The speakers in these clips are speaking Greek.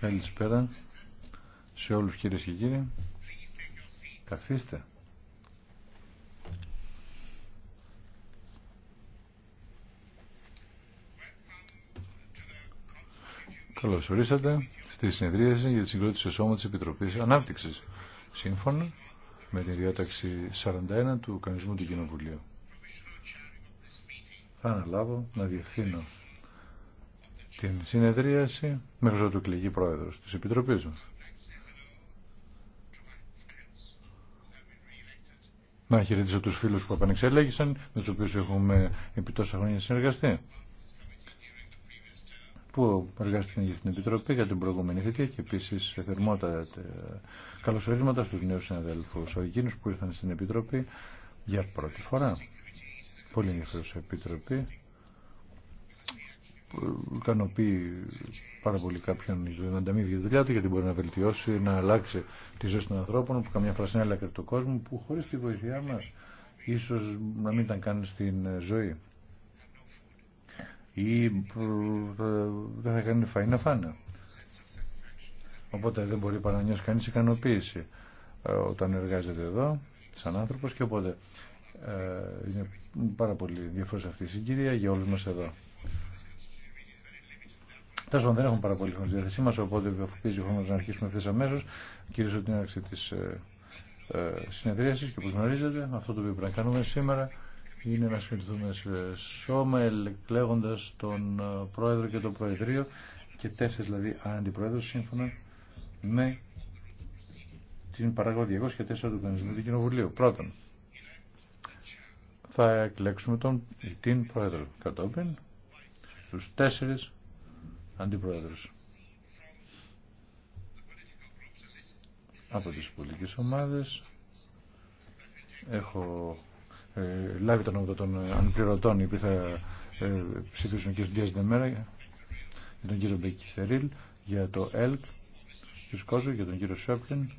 Καλησπέρα σε όλους κυρίες και κύριοι. Καθίστε. Καλώς ορίσατε στη συνεδρίαση για τη συγκρότηση του Σώματος Επιτροπής ανάπτυξη. σύμφωνα με τη διάταξη 41 του Κανονισμού του Κοινοβουλίου. Θα αναλάβω να διευθύνω την συνεδρίαση μέχρι του κληγή πρόεδρος της Επιτροπής μας. Να χαιρετήσω τους φίλους που επανεξελέγησαν, με τους οποίους έχουμε επί τόσα χρόνια συνεργαστεί. Που εργάστηκαν για την Επιτροπή για την προηγούμενη θητεία και επίσης σε θερμότατα καλωσορίσματα στους νέους συναδέλφους, εκείνους που ήρθαν στην Επιτροπή για πρώτη φορά. Πολύ ενδιαφέρουσα Επιτροπή ικανοποιεί πάρα πολύ κάποιον να ανταμείβει τη δουλειά του γιατί μπορεί να βελτιώσει, να αλλάξει τη ζωή των ανθρώπων που καμιά φορά συνέλακε του κόσμο που χωρί τη βοήθειά μα ίσω να μην ήταν καν στην ζωή ή δεν θα κάνει φαΐ να φάνε. Οπότε δεν μπορεί παρά να νιώσει κανεί ικανοποίηση ε, όταν εργάζεται εδώ σαν άνθρωπος και οπότε ε, είναι πάρα πολύ ενδιαφέρουσα αυτή η συγκυρία για όλους μας εδώ. Τέλο δεν έχουμε πάρα πολύ χρόνο στη διάθεσή μα, οπότε χτίζει ο χρόνο να αρχίσουμε ευθύ αμέσω. Κυρίω την έναρξη τη ε, ε συνεδρίαση και όπω γνωρίζετε, αυτό το οποίο πρέπει να κάνουμε σήμερα είναι να συνηθούμε σε σώμα εκλέγοντα τον ε, πρόεδρο και το προεδρείο και τέσσερι δηλαδή αντιπρόεδρου σύμφωνα με την παράγωγη 204 του κανονισμού του Κοινοβουλίου. Πρώτον, θα εκλέξουμε τον την πρόεδρο κατόπιν στου τέσσερι. Αντιπρόεδρος. Από τις πολιτικές ομάδες έχω ε, λάβει τον νόματα των ανεπληρωτών οι οποίοι θα ε, ψηφίσουν και στον Δεμέρα για τον κύριο Μπεκιθερίλ, για το ΕΛΚ του Σκόζου, για τον κύριο Σόπλιν,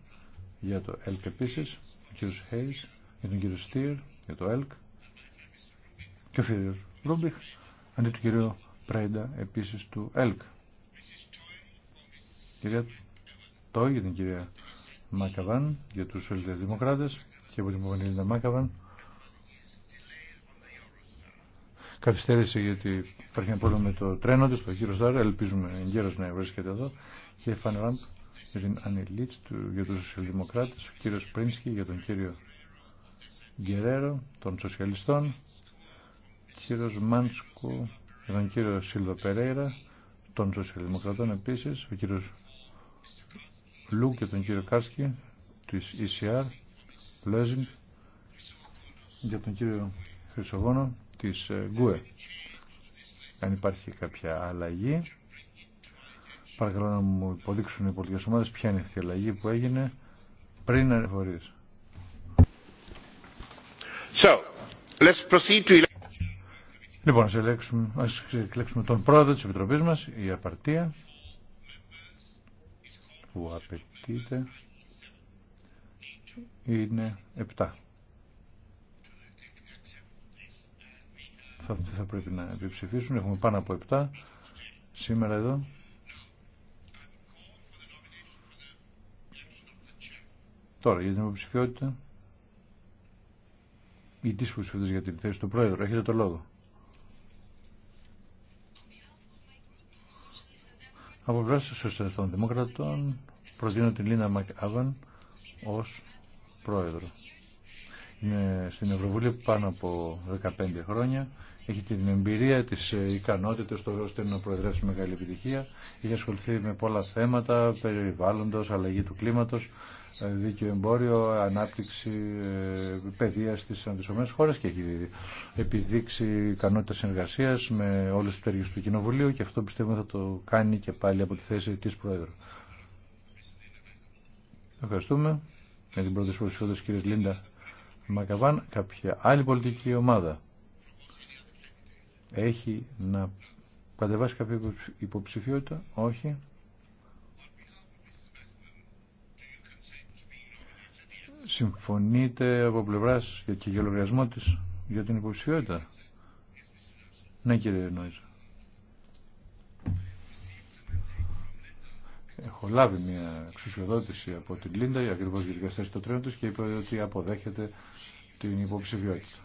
για το ΕΛΚ επίσης, ο κύριος Χέις, για τον κύριο Στίερ, για το ΕΛΚ και ο φίλος Ρούμπιχ, αντί του κυρίου Πρέντα επίσης του ΕΛΚ. Κυρία Τόι για την κυρία Μάκαβαν, για τους Δημοκράτες και από την Παπανίληνα Μάκαβαν. Καθυστέρησε γιατί υπάρχει ένα πρόβλημα με το τρένο της, το κύριο Στάρ, ελπίζουμε εγκαίρως να βρίσκεται εδώ. Και Φανραμπ για την Ανιλίτς, για τους Σοσιαλδημοκράτες, ο κύριος Πρίνσκι για τον κύριο Γκερέρο των Σοσιαλιστών, κύριος Μάνσκο για τον κύριο Σίλβα Περέιρα, των Σοσιαλδημοκρατών επίση, ο κύριο Λου και τον κύριο Κάσκι τη ECR, Λέζινγκ, για τον κύριο Χρυσογόνο τη ε, ΓΚΟΕ. Αν υπάρχει κάποια αλλαγή, παρακαλώ να μου υποδείξουν οι πολιτικέ ομάδε ποια είναι αυτή η αλλαγή που έγινε πριν να So, let's proceed to Λοιπόν, ας εκλέξουμε, ας εκλέξουμε τον πρόεδρο της Επιτροπής μας, η απαρτία που απαιτείται είναι 7. Θα, θα πρέπει να επιψηφίσουν, έχουμε πάνω από 7 σήμερα εδώ. Τώρα για την υποψηφιότητα ή τις υποψηφιότητες για την θέση του Πρόεδρου. Έχετε το λόγο. Από πλευρά των Δημοκρατών προτείνω την Λίνα Μακάβαν ως πρόεδρο. Είναι στην Ευρωβουλή πάνω από 15 χρόνια. Έχει την εμπειρία, της ικανότητε, το ώστε να προεδρεύσει μεγάλη επιτυχία. Έχει ασχοληθεί με πολλά θέματα, περιβάλλοντο, αλλαγή του κλίματος δίκαιο εμπόριο, ανάπτυξη ε, παιδεία στι αντισωμένε χώρε και έχει επιδείξει ικανότητα συνεργασία με όλου του τέργε του Κοινοβουλίου και αυτό πιστεύουμε θα το κάνει και πάλι από τη θέση τη Πρόεδρου. Ευχαριστούμε για την πρώτη σχολή τη κυρία Λίντα Μακαβάν. Κάποια άλλη πολιτική ομάδα έχει να κατεβάσει κάποια υποψηφιότητα. Όχι. συμφωνείτε από πλευρά και για λογαριασμό τη για την υποψηφιότητα. Ναι, κύριε Νόιζα. Έχω λάβει μια εξουσιοδότηση από την Λίντα, ακριβώ για την κατάσταση των τρένων τη και είπε ότι αποδέχεται την υποψηφιότητα.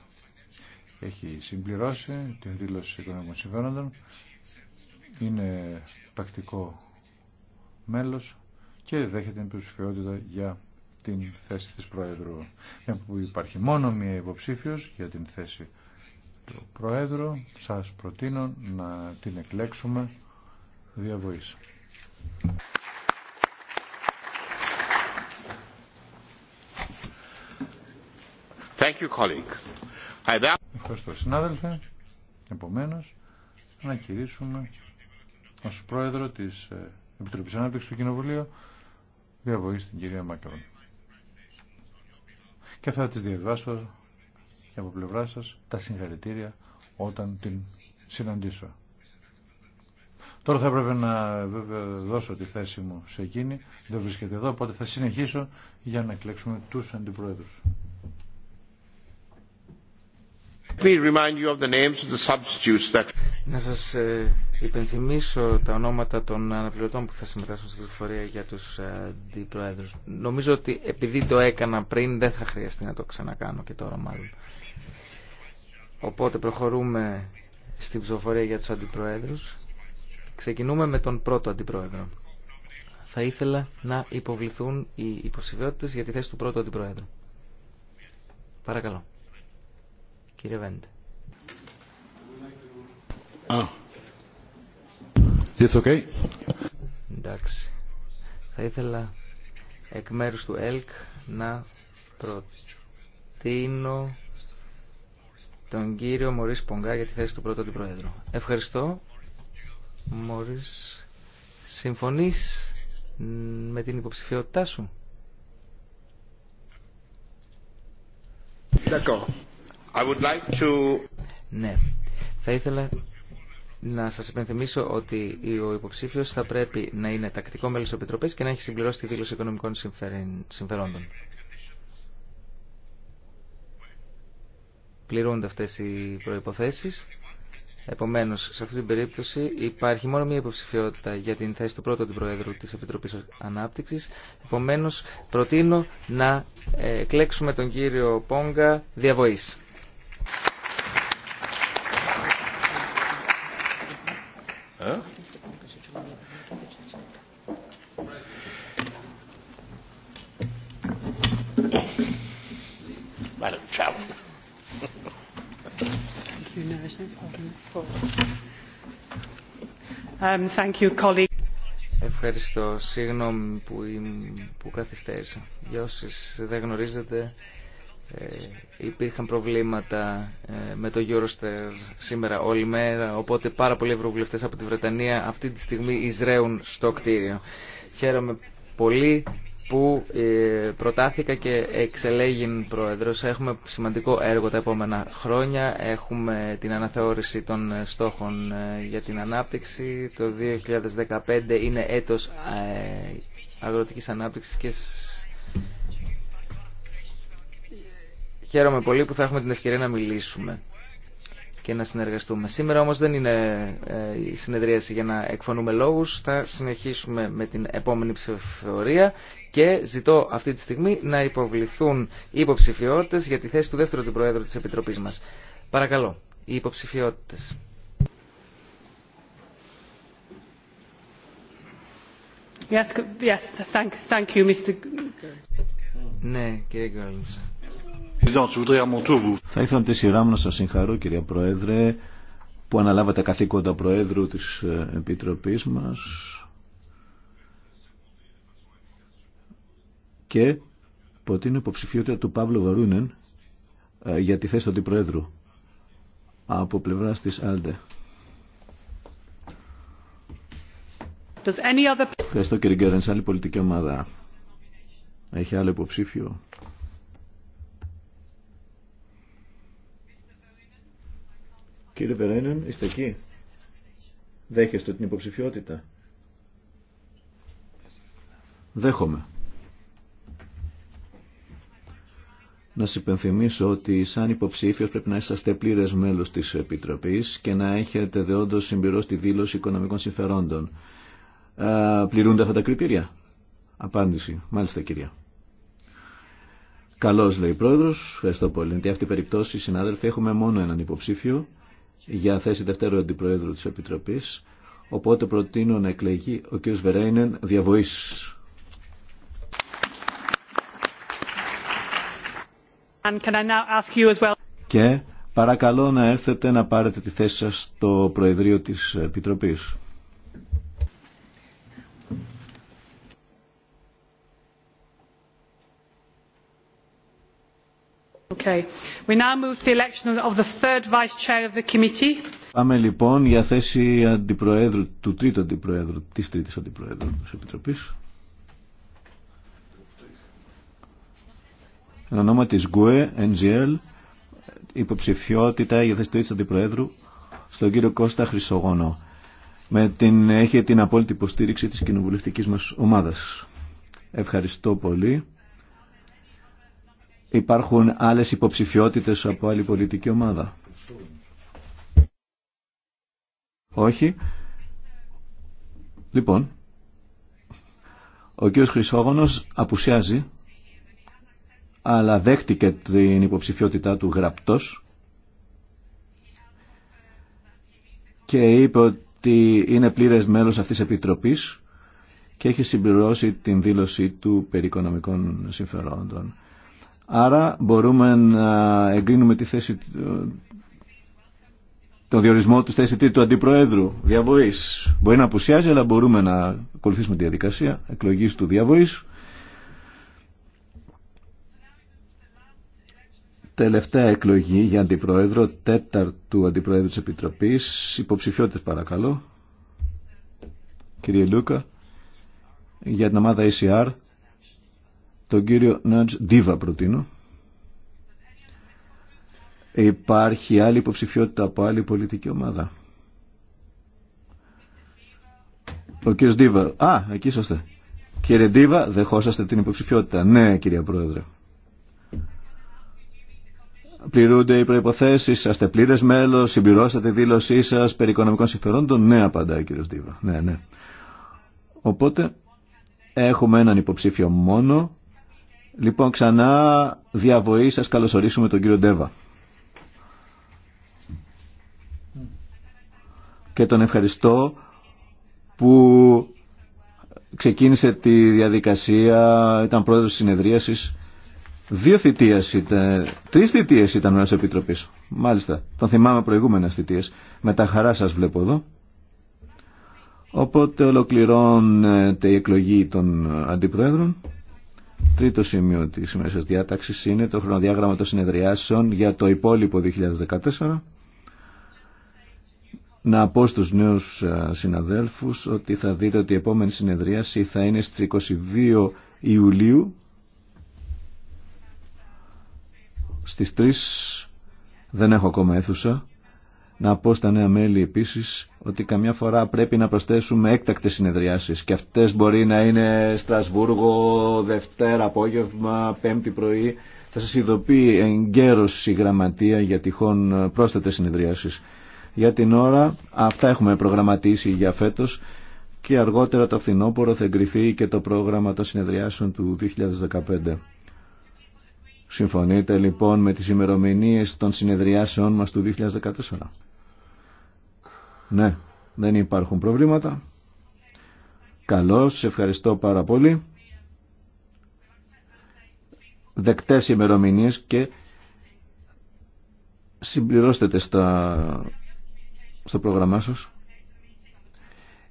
Έχει συμπληρώσει την δήλωση οικονομικών συμφέροντων, είναι τακτικό μέλος και δέχεται την υποψηφιότητα για την θέση της Πρόεδρου. Μια που υπάρχει μόνο μία υποψήφιος για την θέση του Πρόεδρου, σας προτείνω να την εκλέξουμε διαβοής. Thank you, colleagues. Ευχαριστώ συνάδελφε. Επομένως, να κηρύσουμε ως πρόεδρο της ε, Επιτροπής Ανάπτυξης του Κοινοβουλίου διαβοή στην κυρία Μακρόν και θα τις διαβάσω και από πλευρά σας τα συγχαρητήρια όταν την συναντήσω. Τώρα θα έπρεπε να δώσω τη θέση μου σε εκείνη, δεν βρίσκεται εδώ, οπότε θα συνεχίσω για να εκλέξουμε τους αντιπρόεδρους. remind you of the names of the substitutes that να σας ε, υπενθυμίσω τα ονόματα των αναπληρωτών που θα συμμετάσχουν στην πληροφορία για τους ε, αντιπροέδρους. Νομίζω ότι επειδή το έκανα πριν δεν θα χρειαστεί να το ξανακάνω και τώρα μάλλον. Οπότε προχωρούμε στην ψηφοφορία για τους αντιπροέδρους. Ξεκινούμε με τον πρώτο αντιπρόεδρο. Θα ήθελα να υποβληθούν οι υποψηφιότητες για τη θέση του πρώτου αντιπροέδρου. Παρακαλώ. Κύριε Βέντε. Εντάξει. Θα ήθελα εκ μέρου του ΕΛΚ να προτείνω τον κύριο Μωρίς Πονγκά για τη θέση του πρώτου αντιπρόεδρου. Ευχαριστώ. Μωρίς, συμφωνείς με την υποψηφιότητά σου. Ναι. Θα ήθελα να σας υπενθυμίσω ότι ο υποψήφιο θα πρέπει να είναι τακτικό μέλος τη επιτροπή και να έχει συμπληρώσει τη δήλωση οικονομικών συμφερόντων. Πληρούνται αυτέ οι προποθέσει. Επομένως, σε αυτή την περίπτωση υπάρχει μόνο μία υποψηφιότητα για την θέση του πρώτου αντιπροέδρου Προέδρου της Επιτροπής Ανάπτυξης. Επομένως, προτείνω να ε, εκλέξουμε τον κύριο Πόγκα διαβοή. Um, Ευχαριστώ. Συγγνώμη που, που καθυστέρησα. Για όσους δεν γνωρίζετε, ε, υπήρχαν προβλήματα ε, με το Eurostar σήμερα όλη μέρα, οπότε πάρα πολλοί ευρωβουλευτές από τη Βρετανία αυτή τη στιγμή εισραίουν στο κτίριο. Χαίρομαι πολύ που ε, προτάθηκα και εξελέγην πρόεδρος. Έχουμε σημαντικό έργο τα επόμενα χρόνια. Έχουμε την αναθεώρηση των στόχων για την ανάπτυξη. Το 2015 είναι έτος αγροτικής ανάπτυξης και Χαίρομαι πολύ που θα έχουμε την ευκαιρία να μιλήσουμε και να συνεργαστούμε. Σήμερα όμως δεν είναι ε, η συνεδρίαση για να εκφωνούμε λόγους. Θα συνεχίσουμε με την επόμενη ψηφοφορία και ζητώ αυτή τη στιγμή να υποβληθούν οι υποψηφιότητες για τη θέση του δεύτερου του Προέδρου της Επιτροπής μας. Παρακαλώ, οι υποψηφιότητες. Yes, thank, you, Mr. Ναι, κύριε θα ήθελα από τη σειρά μου να σας συγχαρώ κυρία Πρόεδρε που αναλάβατε καθήκοντα Προέδρου της ε, Επιτροπής μας και την υποψηφιότητα του Παύλου Βαρούνεν ε, για τη θέση του Αντιπροέδρου από πλευράς της Άλντε. Ευχαριστώ κύριε Γκέρεν, άλλη πολιτική ομάδα. Έχει άλλο υποψήφιο. Κύριε Βερένεν, είστε εκεί. Δέχεστε την υποψηφιότητα. Δέχομαι. Να σας υπενθυμίσω ότι σαν υποψήφιος πρέπει να είσαστε πλήρες μέλος της Επιτροπής και να έχετε δεόντως συμπληρώσει τη δήλωση οικονομικών συμφερόντων. Ε, πληρούνται αυτά τα κριτήρια. Απάντηση. Μάλιστα κυρία. Καλώς λέει η Πρόεδρος. Ευχαριστώ πολύ. Εν αυτή η περιπτώση συνάδελφοι έχουμε μόνο έναν υποψήφιο για θέση δευτέρου αντιπροέδρου της Επιτροπής, οπότε προτείνω να εκλεγεί ο κ. Βερέινεν διαβοής. well... Και παρακαλώ να έρθετε να πάρετε τη θέση σας στο Προεδρείο της Επιτροπής. Πάμε λοιπόν για θέση αντιπροέδρου, του τρίτου αντιπροέδρου, της τρίτης αντιπροέδρου της Επιτροπής. Εν ονόμα της ΓΚΟΕ, NGL, υποψηφιότητα για θέση του τρίτης αντιπροέδρου στον κύριο Κώστα Χρυσογόνο. Με την, έχει την απόλυτη υποστήριξη της κοινοβουλευτικής μας ομάδας. Ευχαριστώ πολύ. Υπάρχουν άλλες υποψηφιότητες από άλλη πολιτική ομάδα. Όχι. Λοιπόν, ο κύριος Χρυσόγονος απουσιάζει, αλλά δέχτηκε την υποψηφιότητά του γραπτός και είπε ότι είναι πλήρες μέλος αυτής της Επιτροπής και έχει συμπληρώσει την δήλωση του περί οικονομικών συμφερόντων. Άρα μπορούμε να εγκρίνουμε τη θέση, το διορισμό του θέση του Αντιπροέδρου διαβοή. Μπορεί να απουσιάζει, αλλά μπορούμε να ακολουθήσουμε τη διαδικασία εκλογής του διαβοή. Τελευταία εκλογή για Αντιπρόεδρο, τέταρτου Αντιπρόεδρου τη Επιτροπής. Υποψηφιότητες παρακαλώ. Κύριε Λούκα, για την ομάδα ECR. Τον κύριο Νάτζ Δίβα προτείνω. Υπάρχει άλλη υποψηφιότητα από άλλη πολιτική ομάδα. Ο κύριος Δίβα. Α, εκεί είσαστε. Κύριε Ντίβα, δεχόσαστε την υποψηφιότητα. Ναι, κυρία Πρόεδρε. Πληρούνται οι προποθέσει, είσαστε πλήρε μέλο, συμπληρώσατε τη δήλωσή σα περί οικονομικών συμφερόντων. Ναι, απαντάει ο κύριο Ντίβα. Ναι, ναι. Οπότε έχουμε έναν υποψήφιο μόνο Λοιπόν, ξανά διαβοή σας καλωσορίσουμε τον κύριο Ντέβα. Και τον ευχαριστώ που ξεκίνησε τη διαδικασία, ήταν πρόεδρος της συνεδρίασης. Δύο θητείες ήταν, τρεις θητείες ήταν μέσα Επιτροπής. Μάλιστα, τον θυμάμαι προηγούμενες θητείες. Με τα χαρά σας βλέπω εδώ. Οπότε ολοκληρώνεται η εκλογή των αντιπρόεδρων. Τρίτο σημείο της σα διάταξη είναι το χρονοδιάγραμμα των συνεδριάσεων για το υπόλοιπο 2014. Να πω στους νέους ε, συναδέλφους ότι θα δείτε ότι η επόμενη συνεδρίαση θα είναι στις 22 Ιουλίου στις 3 δεν έχω ακόμα αίθουσα να πω στα νέα μέλη επίση ότι καμιά φορά πρέπει να προσθέσουμε έκτακτε συνεδριάσει και αυτέ μπορεί να είναι Στρασβούργο, Δευτέρα, απόγευμα, Πέμπτη πρωί. Θα σα ειδοποιεί εγκαίρω η γραμματεία για τυχόν πρόσθετε συνεδριάσει. Για την ώρα αυτά έχουμε προγραμματίσει για φέτο και αργότερα το φθινόπωρο θα εγκριθεί και το πρόγραμμα των συνεδριάσεων του 2015. Συμφωνείτε λοιπόν με τις ημερομηνίες των συνεδριάσεων μας του 2014. Ναι, δεν υπάρχουν προβλήματα. Καλώς, ευχαριστώ πάρα πολύ. Δεκτές ημερομηνίε και συμπληρώστε στα... στο πρόγραμμά σας.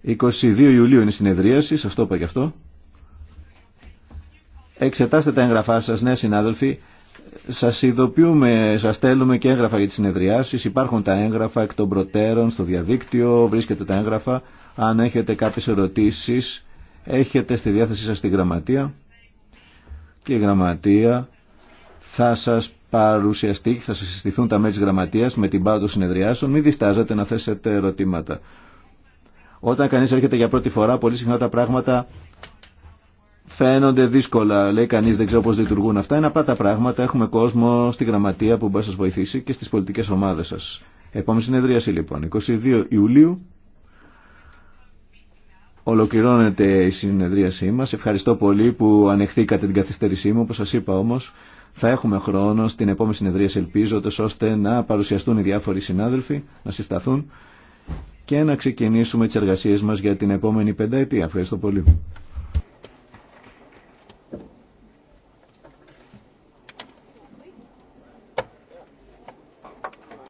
22 Ιουλίου είναι η συνεδρίαση, σας το είπα και αυτό. Εξετάστε τα εγγραφά σας, νέοι συνάδελφοι. Σας ειδοποιούμε, σας στέλνουμε και έγγραφα για τις συνεδριάσεις. Υπάρχουν τα έγγραφα εκ των προτέρων στο διαδίκτυο, βρίσκετε τα έγγραφα. Αν έχετε κάποιες ερωτήσεις, έχετε στη διάθεσή σας τη γραμματεία και η γραμματεία θα σας παρουσιαστεί και θα σας συστηθούν τα μέλη της γραμματείας με την πάρα των συνεδριάσεων. Μην διστάζετε να θέσετε ερωτήματα. Όταν κανείς έρχεται για πρώτη φορά, πολύ συχνά τα πράγματα φαίνονται δύσκολα. Λέει κανεί δεν ξέρω πώ λειτουργούν αυτά. Είναι απλά τα πράγματα. Έχουμε κόσμο στη γραμματεία που μπορεί να σα βοηθήσει και στι πολιτικέ ομάδε σα. Επόμενη συνεδρίαση λοιπόν. 22 Ιουλίου. Ολοκληρώνεται η συνεδρίασή μα. Ευχαριστώ πολύ που ανεχθήκατε την καθυστέρησή μου. Όπω σα είπα όμω, θα έχουμε χρόνο στην επόμενη συνεδρίαση ελπίζοντα, ώστε να παρουσιαστούν οι διάφοροι συνάδελφοι, να συσταθούν και να ξεκινήσουμε τι εργασίε μα για την επόμενη πενταετία. Ευχαριστώ πολύ.